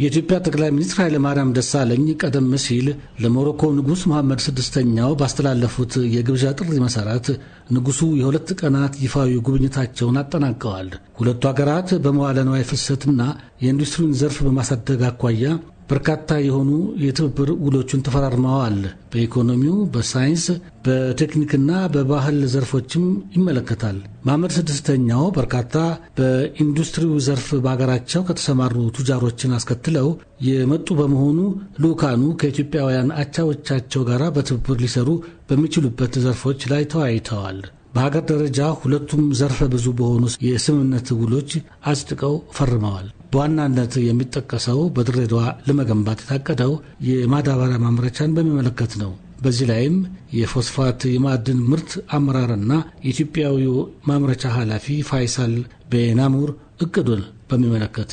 የኢትዮጵያ ጠቅላይ ሚኒስትር ኃይለማርያም ደሳለኝ ቀደም ሲል ለሞሮኮ ንጉሥ መሐመድ ስድስተኛው ባስተላለፉት የግብዣ ጥሪ መሠረት ንጉሡ የሁለት ቀናት ይፋዊ ጉብኝታቸውን አጠናቀዋል። ሁለቱ አገራት በመዋለ ንዋይ ፍሰትና የኢንዱስትሪውን ዘርፍ በማሳደግ አኳያ በርካታ የሆኑ የትብብር ውሎችን ተፈራርመዋል። በኢኮኖሚው፣ በሳይንስ፣ በቴክኒክና በባህል ዘርፎችም ይመለከታል። ማመድ ስድስተኛው በርካታ በኢንዱስትሪው ዘርፍ በሀገራቸው ከተሰማሩ ቱጃሮችን አስከትለው የመጡ በመሆኑ ልኡካኑ ከኢትዮጵያውያን አቻዎቻቸው ጋር በትብብር ሊሰሩ በሚችሉበት ዘርፎች ላይ ተወያይተዋል። በሀገር ደረጃ ሁለቱም ዘርፈ ብዙ በሆኑ የስምምነት ውሎች አጽድቀው ፈርመዋል። በዋናነት የሚጠቀሰው በድሬዳዋ ለመገንባት የታቀደው የማዳበሪያ ማምረቻን በሚመለከት ነው። በዚህ ላይም የፎስፋት የማዕድን ምርት አመራርና የኢትዮጵያዊው ማምረቻ ኃላፊ ፋይሳል በናሙር እቅዱን በሚመለከት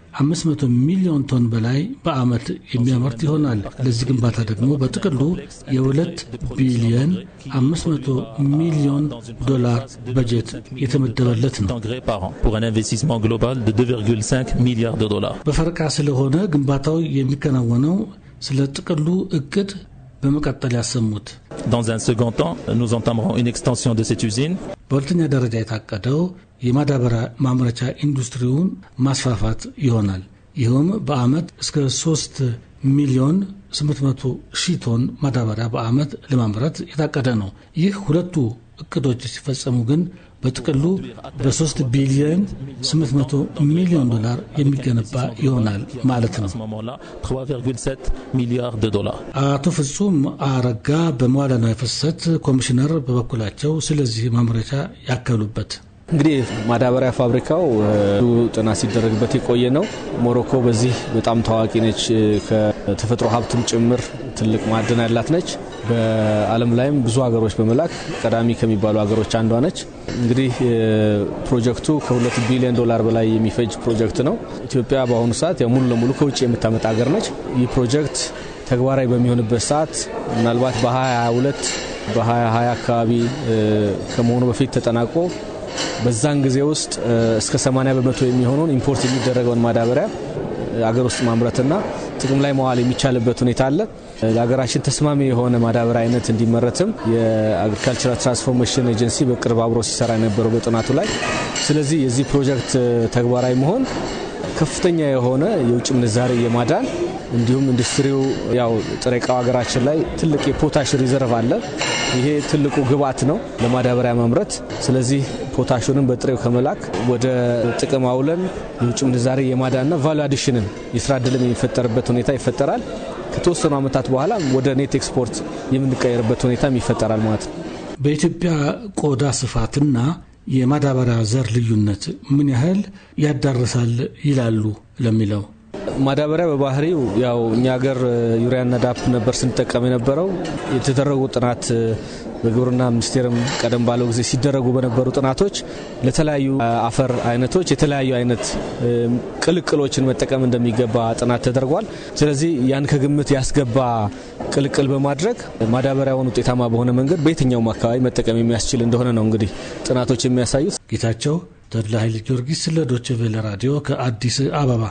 500 ሚሊዮን ቶን በላይ በዓመት የሚያመርት ይሆናል። ለዚህ ግንባታ ደግሞ በጥቅሉ የ2 ቢሊዮን 500 ሚሊዮን ዶላር በጀት የተመደበለት ነው። በፈረቃ ስለሆነ ግንባታው የሚከናወነው ስለ ጥቅሉ እቅድ በመቀጠል ያሰሙት በሁለተኛ ደረጃ የታቀደው የማዳበሪያ ማምረቻ ኢንዱስትሪውን ማስፋፋት ይሆናል። ይህም በአመት እስከ 3 ሚሊዮን 800 ሺህ ቶን ማዳበሪያ በአመት ለማምረት የታቀደ ነው። ይህ ሁለቱ እቅዶች ሲፈጸሙ ግን በጥቅሉ በ3 ቢሊዮን 800 ሚሊዮን ዶላር የሚገነባ ይሆናል ማለት ነው። አቶ ፍጹም አረጋ በመዋለ ንዋይ ፍሰት ኮሚሽነር በበኩላቸው ስለዚህ ማምረቻ ያከሉበት እንግዲህ ማዳበሪያ ፋብሪካው ጥናት ሲደረግበት የቆየ ነው። ሞሮኮ በዚህ በጣም ታዋቂ ነች። ተፈጥሮ ሀብትም ጭምር ትልቅ ማዕድን ያላት ነች። በዓለም ላይም ብዙ ሀገሮች በመላክ ቀዳሚ ከሚባሉ ሀገሮች አንዷ ነች። እንግዲህ ፕሮጀክቱ ከሁለት ቢሊዮን ዶላር በላይ የሚፈጅ ፕሮጀክት ነው። ኢትዮጵያ በአሁኑ ሰዓት ሙሉ ለሙሉ ከውጭ የምታመጣ ሀገር ነች። ይህ ፕሮጀክት ተግባራዊ በሚሆንበት ሰዓት ምናልባት በ2022 በ2020 አካባቢ ከመሆኑ በፊት ተጠናቆ በዛን ጊዜ ውስጥ እስከ 80 በመቶ የሚሆነውን ኢምፖርት የሚደረገውን ማዳበሪያ አገር ውስጥ ማምረትና ጥቅም ላይ መዋል የሚቻልበት ሁኔታ አለ። ለሀገራችን ተስማሚ የሆነ ማዳበሪያ አይነት እንዲመረትም የአግሪካልቸራል ትራንስፎርሜሽን ኤጀንሲ በቅርብ አብሮ ሲሰራ የነበረው በጥናቱ ላይ። ስለዚህ የዚህ ፕሮጀክት ተግባራዊ መሆን ከፍተኛ የሆነ የውጭ ምንዛሬ የማዳን እንዲሁም ኢንዱስትሪው ያው ጥሬ ሀገራችን ላይ ትልቅ የፖታሽ ሪዘርቭ አለ። ይሄ ትልቁ ግብዓት ነው ለማዳበሪያ መምረት ስለዚህ ፖታሽንን በጥሬው ከመላክ ወደ ጥቅም አውለን የውጭ ምንዛሬ የማዳንና ቫሉ አዲሽንን የስራ እድልም የሚፈጠርበት ሁኔታ ይፈጠራል። ከተወሰኑ ዓመታት በኋላ ወደ ኔት ኤክስፖርት የምንቀየርበት ሁኔታም ይፈጠራል ማለት ነው። በኢትዮጵያ ቆዳ ስፋትና የማዳበሪያ ዘር ልዩነት ምን ያህል ያዳርሳል ይላሉ ለሚለው ማዳበሪያ በባህሪው ያው እኛ ሀገር ዩሪያና ዳፕ ነበር ስንጠቀም የነበረው። የተደረጉ ጥናት በግብርና ሚኒስቴርም ቀደም ባለው ጊዜ ሲደረጉ በነበሩ ጥናቶች ለተለያዩ አፈር አይነቶች የተለያዩ አይነት ቅልቅሎችን መጠቀም እንደሚገባ ጥናት ተደርጓል። ስለዚህ ያን ከግምት ያስገባ ቅልቅል በማድረግ ማዳበሪያውን ውጤታማ በሆነ መንገድ በየትኛውም አካባቢ መጠቀም የሚያስችል እንደሆነ ነው እንግዲህ ጥናቶች የሚያሳዩት። ጌታቸው ተድላ ኃይለ ጊዮርጊስ ለዶችቬለ ራዲዮ ከአዲስ አበባ